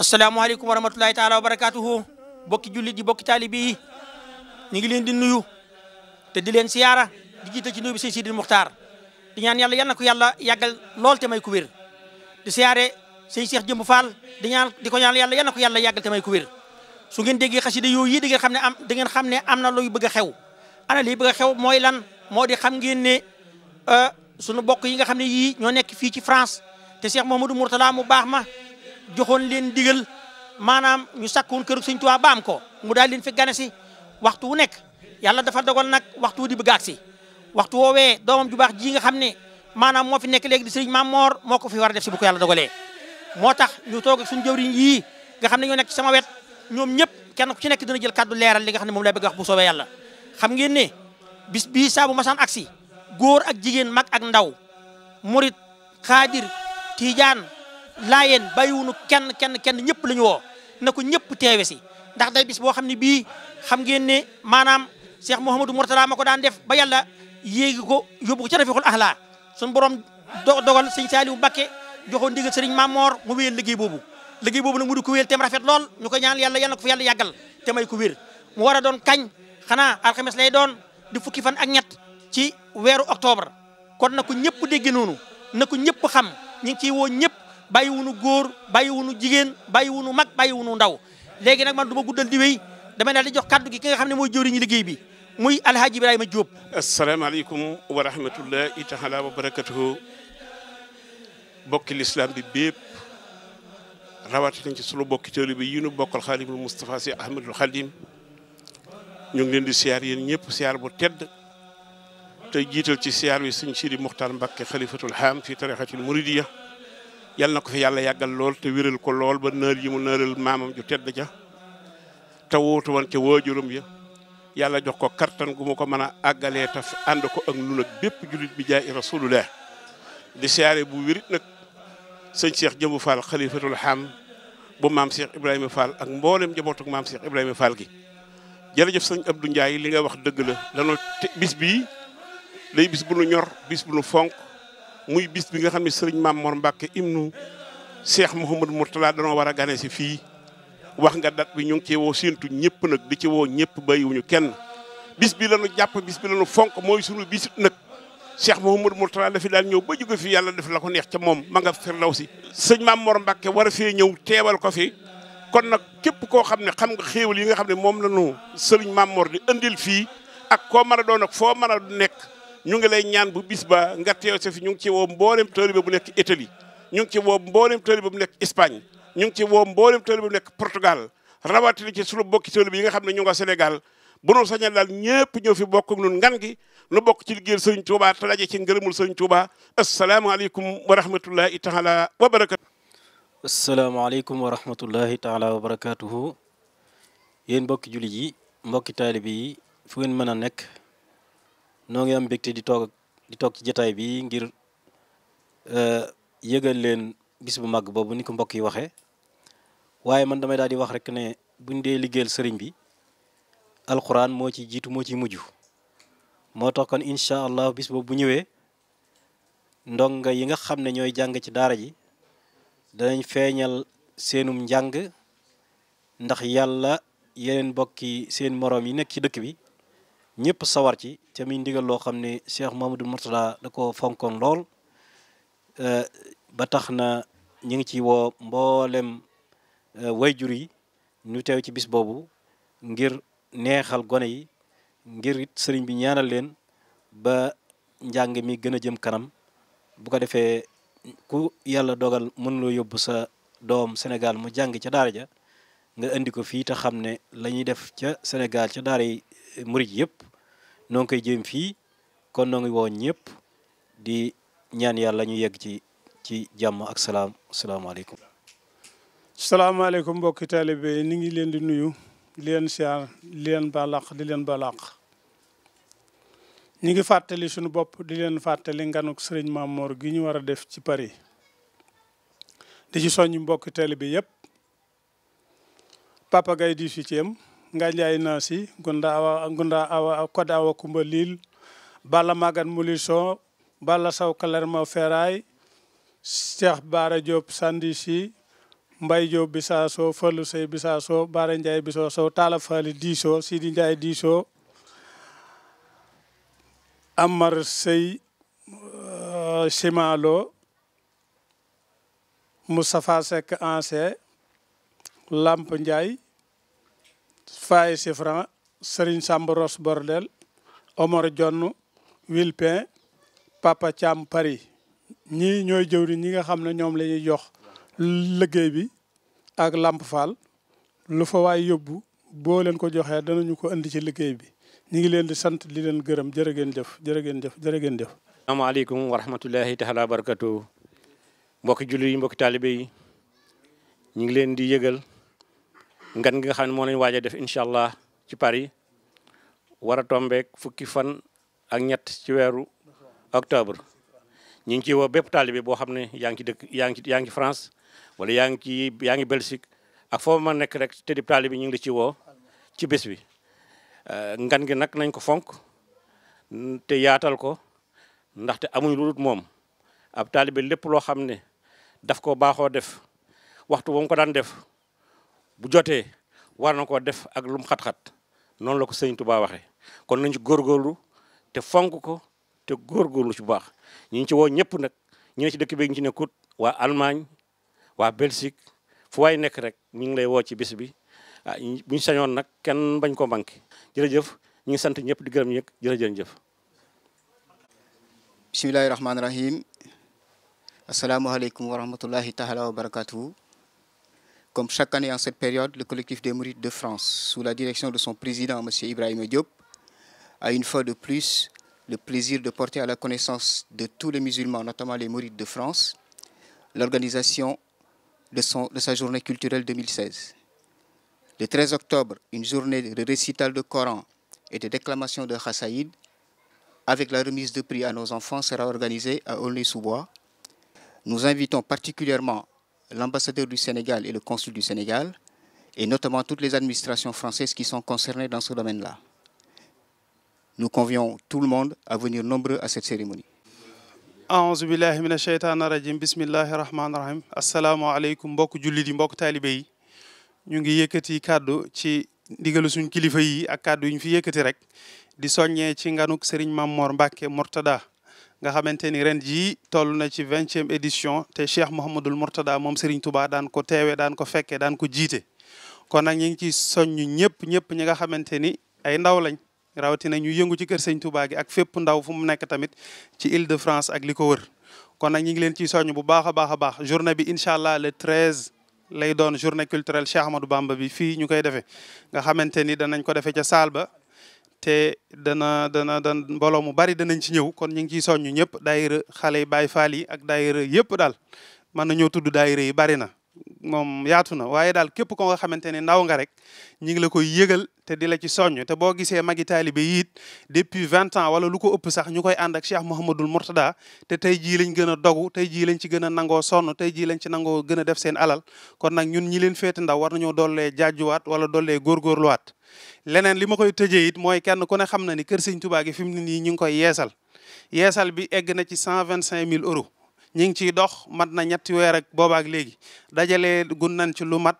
asalaamaaleykum wa rahmatulahi taala wa barakaatuhu bokki jullit yi bokki taalibi yi ñu ngi leen di nuyu te di leen siyaara di jiite ci nuyu bi sëñ Sidil Muxtaar di ñaan yàlla yal na ko yàlla yàggal lool te may ku wér di siyaare sëñ Cheikh Jëmb Fall di ñaan di ko ñaan yàlla yal na ko yàlla yàggal te may ku su su ngeen déggee xasida yooyu yi di ngeen xam ne am da ngeen xam ne am na luy bëgg xew ana liy bëgg xew mooy lan moo di xam ngeen ne euh, sunu bokk yi nga xam ne yii ñoo nekk fii ci France te Cheikh Mouhamadou Mourtala mu baax ma joxoon leen digal maanaam ñu sakkuwoon kër Sëñ Tuubaa ba am ko mu daal leen fi gane si waxtu wu nekk yàlla dafa dogal nag waxtu wu di bëgg si waxtu woowee doomam ju baax ji nga xam ne maanaam moo fi nekk léegi di Sëriñ Maam Moor moo ko fi war a def si bu ko yàlla dogalee moo tax ñu toog ak suñu yii nga xam ne ñoo nekk sama wet ñoom ñëpp kenn ku ci nekk dina jël kàddu leeral li ga xam ne moom lay bëgg wax bu soobee yàlla xam ngeen ne bis bii saa masan masaan aksi góor ak jigéen mag ak ndaw murit laayeen bàyyiwunu kenn kenn kenn ñëpp la woo na ko ñëpp teewe si ndax day bis boo xam ne bii xam ngeen ne maanaam Cheikh Mouhamadou Mourtala ma ko daan def ba yàlla yéegi ko yóbbu ko ca rafixul axlaa sun borom dogal sëñ Saliou Mbacké joxoon ndigal sëriñ Mamor mu wéyal liggéey boobu liggéey boobu nag mu di ko wéyal tem rafet lool ñu ko ñaan yàlla yal na ko fi te may ko wér mu war a doon kañ xanaa alxames lay doon di fukki fan ak ñett ci weeru octobre kon na ko ñëpp dégg noonu na ko ñëpp xam ñu ngi ciy woo ñëpp bàyyi wunu góor bàyyi wunu jigéen bàyyi wunu mag bàyyi wunu ndaw léegi nag man du ma guddal di wéy dama daal di jox kàddu gi ki xam ne mooy jëwriñu liggéey bi muy alhaaji ibrahima Diop asalaamaaleykum wa rahmatullahi taala wa barakatuhu bokki lislaam bi bépp rawatina ci sunu bokki taalibe yi nu bokkal xaalimul Moustapha si ahmadul xadim ñu ngi leen di siyaar yéen ñëpp siyaar bu tedd te jiital ci siyaar bi sëñ Sidi Muxtaar Mbàkke xalifatul haam fi yal na ko fi yàlla yàggal lool te wéral ko lool ba naar yi mu naaral maamam ju tedd ja te wootu woon ca waajuram ya yàlla jox ko kartan gu ma ko mën a àggalee te ànd ko ak nun ak bépp jullit bi jaay rasulullah di siyaare bu wérit nag sëñ Cheikh Jëmbu Fall xalifatul xam bu maam Cheikh Ibrahima Fall ak mboolem njabootu maam Cheikh Ibrahima Fall gi jërëjëf sëñ Abdou Ndiaye li nga wax dëgg la danoo bis bii day bis bu nu ñor bis bu nu fonk muy bis bi nga xam ne sëriñ Maam Mor Mbàkke ibnu Cheikh Mouhamadou Mourtala danoo war a gane si fii wax nga dat bi ñu ngi ci woo séentu ñëpp nag di ci woo ñëpp bàyyiwuñu kenn bis bi lañu jàpp bis bi lañu fonk mooy sunu bisit nag Cheikh Mouhamadou Mourtala fi daal ñëw ba jóge fi yàlla def la ko neex ca moom ma nga firdaw si sëñ Maam Mor Mbàkke war a fee ñëw teewal ko fi kon nag képp koo xam ne xam nga xéewal yi nga xam ne moom la nu sëriñ Maam moor di indil fii ak koo mën a doon ak foo mën a nekk ñu ngi lay ñaan bu bis ba nga teew fi ñu ngi ci woo mboolem taalibe bu nekk Italie ñu ngi ci woo mboolem taalibe bu nekk Espagne ñu ngi ci woo mboolem taalibe bu nekk Portugal rawatina ci su sunu bokki taalibe yi nga xam ne ñu nga Sénégal bu nu sañal daal ñëpp ñëw fi bokk nun ngan gi nu bokk ci liggéeyal Sëriñ Tuuba te daje ci ngërëmul Sëriñ Tuuba asalaamaaleykum wa rahmatullahi taala wa barakatu asalaamaaleykum wa rahmatullahi taala wa barakatuhu yéen mbokki jullit yi mbokki taalibe yi fu ngeen mën a nekk noo ngi am di toog di toog ci jataay bi ngir euh, yëgal leen bis bu mag boobu ni ko mbokk yi waxee waaye man damay daal di wax rek ne buñ dee liggéeyal sëriñ bi alxuraan moo ci jiitu moo ci mujj moo tax kon incha allah bis boobu bu ñëwee ndonga yi nga xam ne ñooy jàng ci daara ji danañ feeñal seenum njàng ndax yàlla yeneen mbokk yi seen moroom yi nekk ci dëkk bi ñëpp sawar ci ca muy ndigal loo xam ne Cheikh Mamadou Mourtada da ko fonkoon lool euh, ba tax na ñu ngi ci woo mboolem euh, wayjur yi ñu teew ci bis boobu ngir neexal gone yi ngir it sëriñ bi ñaanal leen ba njàng mi gën a jëm kanam bu ko defee ku yàlla dogal mën loo yóbbu sa doom Sénégal mu jàng ca daara ja nga indi ko fii te xam ne lañuy def ca Sénégal ca daara yi murid yëpp noo ngi jëm fii kon noo ngi woon ñëpp di ñaan yàlla ñu yegg ci ci jàmm ak salaam salaamaaleykum. salaamaaleykum mbokki taalibe yi ni ngi leen di nuyu di leen siyaar di leen balaq di leen balaq ñu ngi fàttali sunu bopp di leen fàttali nganuk sëriñ Mamor gi ñu war a def ci Paris di ci soññ mbokki taalibe yëpp Papa Gaye di ngañay nansi gunda awa gunda awa kode awa kumba balla magat mulison balla saw kalerma feray cheikh bara diop sandi mbay diop bisaso fallu sey bisaso bara ndiaye biso sow tala faali diso sidi ndiaye diso amar sey simalo euh, moustapha seck ancien lamp ndiaye Faye Sifran Serigne Samba Ross Bordel Omar Jonn Wilpin Papa Thiam Paris ñii ñooy jëwriñ ñi nga xam ne ñoom lañuy ñuy jox liggéey bi ak Lamp Fall lu waay yóbbu boo leen ko joxee danañu ko indi ci liggéey bi ñu ngi leen di sant di leen gërëm jërë ngeen jëf jërë ngeen jëf jërë ngeen jëf. asalaamaaleykum wa rahmatullahi taala barakatu mbokki julli yi mbokki taalibe yi ñu ngi leen di yëgal. ngan gi xam ne moo lañu waaj a def incha allah ci Paris war a tombeek fukki fan ak ñett ci weeru octobre ñu ngi ciy woo bépp taalibe boo xam ne yaa ngi ci ngi France wala yaa ngi ci yaa ngi Belgique ak foo ma nekk rek te di taalibe ñu ngi la ci woo ci bés bi euh, ngan gi nag nañ ko fonk te yaatal ko ndaxte amuñ lu dul moom ab taalibe lépp loo xam ne daf ko baaxoo def waxtu ba ko daan def bu jotee war na koo def ak lum xat-xat noonu la ko sëñ Touba waxee kon nañ ci góorgóorlu te fonk ko te góorgóorlu ci bu baax ñu ngi ci woo ñëpp nag ñu ne ci dëkk bi ñu ci nekkut waa Allemagne waa Belgique fu waay nekk rek ñu ngi lay woo ci bis bi ah sañoon nag kenn bañ ko manqué jërëjëf ñu ngi sant ñëpp di gërëm ñëpp jërëjëf. bismillahi rahmaani rahim asalaamaaleykum wa rahmatullahi taala wa barakaatu. Comme chaque année en cette période, le collectif des Mourides de France, sous la direction de son président, M. Ibrahim Diop, a une fois de plus le plaisir de porter à la connaissance de tous les musulmans, notamment les Mourides de France, l'organisation de, de, sa journée culturelle 2016. Le 13 octobre, une journée de récital de Coran et de déclamation de Chassaïd, avec la remise de prix à nos enfants, sera organisée à aulnay Nous invitons particulièrement l'ambassadeur du Sénégal et le consul du Sénégal, et notamment toutes les administrations françaises qui sont concernées dans ce domaine-là. Nous convions tout le monde à venir nombreux à cette cérémonie. aouzu billahi mina sheytaani rajim bismillahi rahmaani rahim asalaamaaleykum mbokk jullit yi mbokk taalibe yi ñu ngi yëkkati kàddu ci ndigalu suñ kilifa yi ak kàddu yi ñu fi yëkkati rek di soññee ci nganuk Serigne Mame Mor Mbacke Mortada nga xamante ni ren jii toll na ci vingtième édition te Cheikh Mouhamadul Mourtada moom Serigne Touba daan ko teewee daan ko fekkee daan ko jiite. kon nag ñu ngi ciy soññ ñëpp ñëpp ñi nga xamante ni ay ndaw lañ rawatina ñu yëngu ci kër Serigne Touba gi ak fépp ndaw fu mu nekk tamit ci Île-de-France ak li ko wër. kon nag ñu ngi leen ci soññ bu baax a baax a baax journée bi incha allah le treize. lay doon journée culturel Cheikh Ahmadou Bamba bi fii ñu koy defee nga xamante ni danañ ko defee ca saal ba te dana dana dan mbooloo mu bari danañ ci ñëw kon ñu ngi ciy soññu ñëpp daayira xale yi Baay Faal yi ak daayira yëpp daal mën na ñoo tudd daayira yi bari na moom yaatu na waaye daal képp ko nga xamante ne ndaw nga rek ñu ngi la koy yëgal te di la ci soññ te boo gisee magi taalibe yi it depuis vingt ans wala lu ko ëpp sax ñu koy ànd ak Cheikh Mouhamadul Mourtada te tey jii lañ gën a dogu tey jii lañ ci gën a nangoo sonn tey jii lañ ci nangoo gën def seen alal kon nag ñun ñi leen féete ndaw war nañoo dollee jaajuwaat wala dollee góorgóorluwaat leneen li ma koy tëjee it mooy kenn ku ne xam na ni kër Sëñ Tuubaa gi fi mu ne nii ñu ngi koy yeesal yeesal bi egg na ci cent vingt cinq mille euros ñi ngi ciy dox mat na ñetti weer ak boobaak léegi dajale gun nañ ci lu mat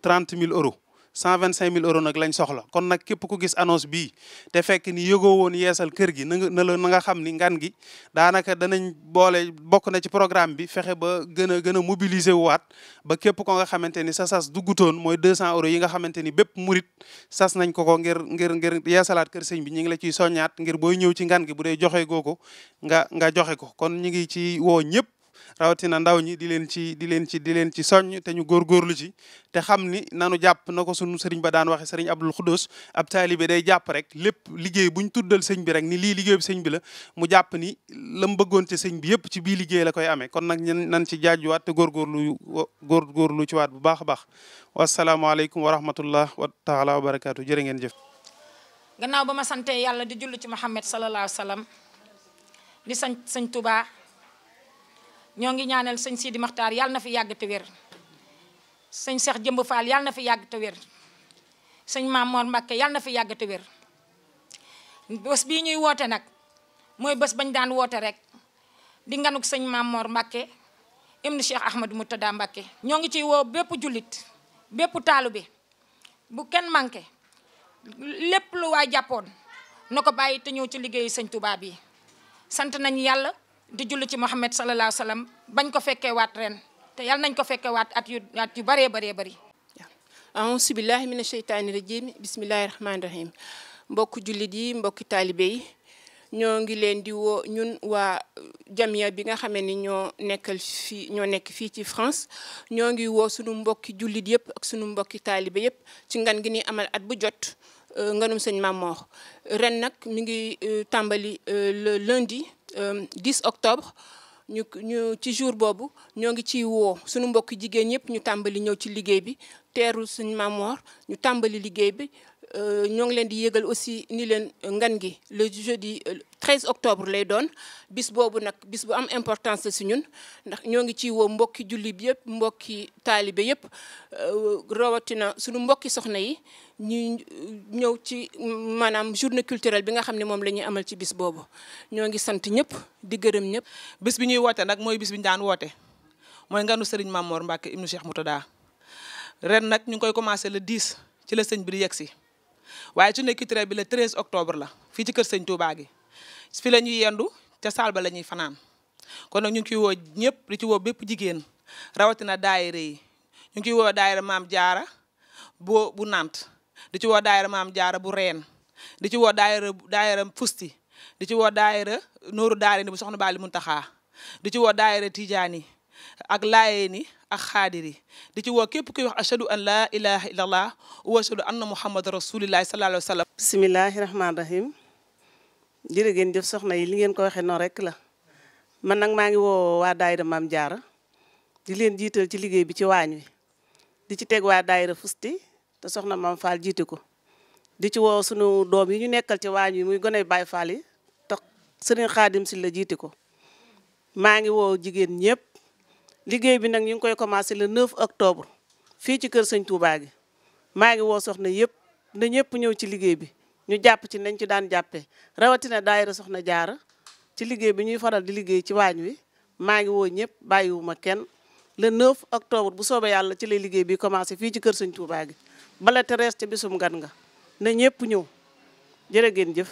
trente mille euros cent vingt cinq mille euros nag lañ soxla kon nag képp ku gis annonce bii te fekk ni yëgoo woon yeesal kër gi na nga na la na nga xam ni ngan gi daanaka danañ boole bokk na ci programme bi fexe ba gën a gën a mobiliser waat ba képp ko nga xamante ni sa sas duggutoon mooy deux cent euros yi nga xamante ni bépp murit sas nañ ko ko ngir ngir ngir yeesalaat kër sëñ bi ñu ngi la ciy soññaat ngir booy ñëw ci ngan gi bu dee joxe goo ko nga nga joxe ko kon ñu ngi ci woo ñëpp rawatina ndaw ñi di leen ci di leen ci di leen ci soññ te ñu góorgóorlu ci te xam ni nanu jàpp na ko sunu sëriñ ba daan waxe sëriñ Abdul Xuddos ab taalibe day jàpp rek lépp liggéey bu buñ tuddal sëñ bi rek ni lii liggéey bi sëñ bi la mu jàpp ni la mu bëggoon ci sëñ bi yëpp ci bii liggéey la koy amee kon nag ñen nan ci wat te góorgóorlu góorgóorlu ci waat bu baax a baax wasalaamaaleykum wa rahmatullah wa taala wa barakaatu jërë ngeen jëf gannaaw ba ma sante yàlla di jullu ci Muhammad sallallahu ñoo ngi ñaanal sëñ Sidi Maxtaar yàlla na fi yàgg te wér sëñ Cheikh Jëmb Fall yàlla na fi yàgg te wér sëñ Mamoor Mbàkke yàlla na fi yàgg te wér bés bii ñuy woote nag mooy bés bañ daan woote rek di nganuk sëñ Mamoor Mbàkke ibnu Cheikh Ahmadou Moutada Mbàkke ñoo ngi ciy woo bépp jullit bépp taalu bi bu kenn manqué lépp lu waay jàppoon na ko bàyyi te ñëw ci liggéeyu sëñ Tuubaa bi sant nañ yàlla di julli ci Muhammad sallallahu alayhi wa bañ ko fekkee waat ren te yàlla nañ ko fekkee waat at yu at yu bëree bëree bëri auzu billahi mina sheytaani rajim bismillahi rahmaani rahim mbokk jullit yi mbokki taalibe yi ñoo ngi leen di woo ñun waa jamiya bi nga xamee ni ñoo nekkal fii ñoo nekk fii ci France ñoo ngi woo sunu mbokki jullit yëpp ak suñu mbokki taalibe yëpp ci ngan gi ñuy amal at bu jot euh, nganum sëñ Mamor ren nag mu ngi euh, tàmbali euh, le lundi 10 euh, octobre ñu ci jour boobu ñoo ngi ciy woo suñu mbokki jigéen ñëpp ñu tàmbali ñëw ci liggéey bi teeru suñu Mame Mor ñu tàmbali liggéey bi Euh, ñoo ngi leen di yëgal aussi ni leen ngan gi le jeudi 13 euh, octobre lay doon bis boobu nag bis bu am importance la si ñun ndax ñoo ngi ci woo mbokki julli bi yëpp mbokki taalibe yëpp euh, rawatina suñu mbokki soxna yi ñu ñëw ci maanaam journée culturelle bi nga xam ne moom la ñuy amal ci bis boobu ñoo ngi sant ñëpp di gërëm ñëpp bis bi ñuy woote nag mooy bis bi ñu woote mooy nganu Serigne Mamour Mbacke ibnu Cheikh Moutada ren nag ñu ngi koy commencé le 10 ci la sëñ bi di yegg si waaye ci journée culturelle bi le 13 octobre la fii ci kër sëñ Touba gi fi la ñuy yendu ca salle ba la ñuy fanaan kon nag ñu ngi ciy woo ñëpp di ci woo bépp jigéen rawatina daayira yi ñu ngi ciy woo daayira maam jaara bu bu Nantes di ci woo daayira maam jaara bu reen di ci woo daayira daayira fusti di ci woo daayira nooru daayira ni bu soxna Bali Muntaxa di ci woo daayira Tijaani ak laayeen yi ak xaadir yi di ci woo képp kuy wax ashadu an laa ilaha illallah wa ashadu anna muhammad rasulillahi sallallahu alayhi wa sallam bismillahi soxna yi li ngeen ko waxee noonu rek la man nag maa ngi woo waa daayira Maam Jaara di leen jiital ci liggéey bi ci waañ wi di ci teg waa daayira fusti te soxna Maam Fall jiite ko di ci woo sunu doom yi ñu nekkal ci waañ wi muy gone Baay Fall yi te Sëriñ Xaadim si la jiite ko maa ngi woo jigéen ñëpp liggéey bi nag ñu ngi koy commencé le 9 octobre fii ci kër sëñ Touba gi maa ngi woo soxna yëpp na ñëpp ñëw ci liggéey bi ñu jàpp ci nañ ci daan jàppee rawatina daayira na jaar ci liggéey bi ñuy faral di liggéey ci waañ wi maa ngi woo ñëpp bàyyiwuma kenn le 9 octobre bu soobee yàlla ci lay liggéey bi commencé fii ci kër sëñ Touba gi bala te rees ca bisum gan nga na ñëpp ñëw jërë ngeen jëf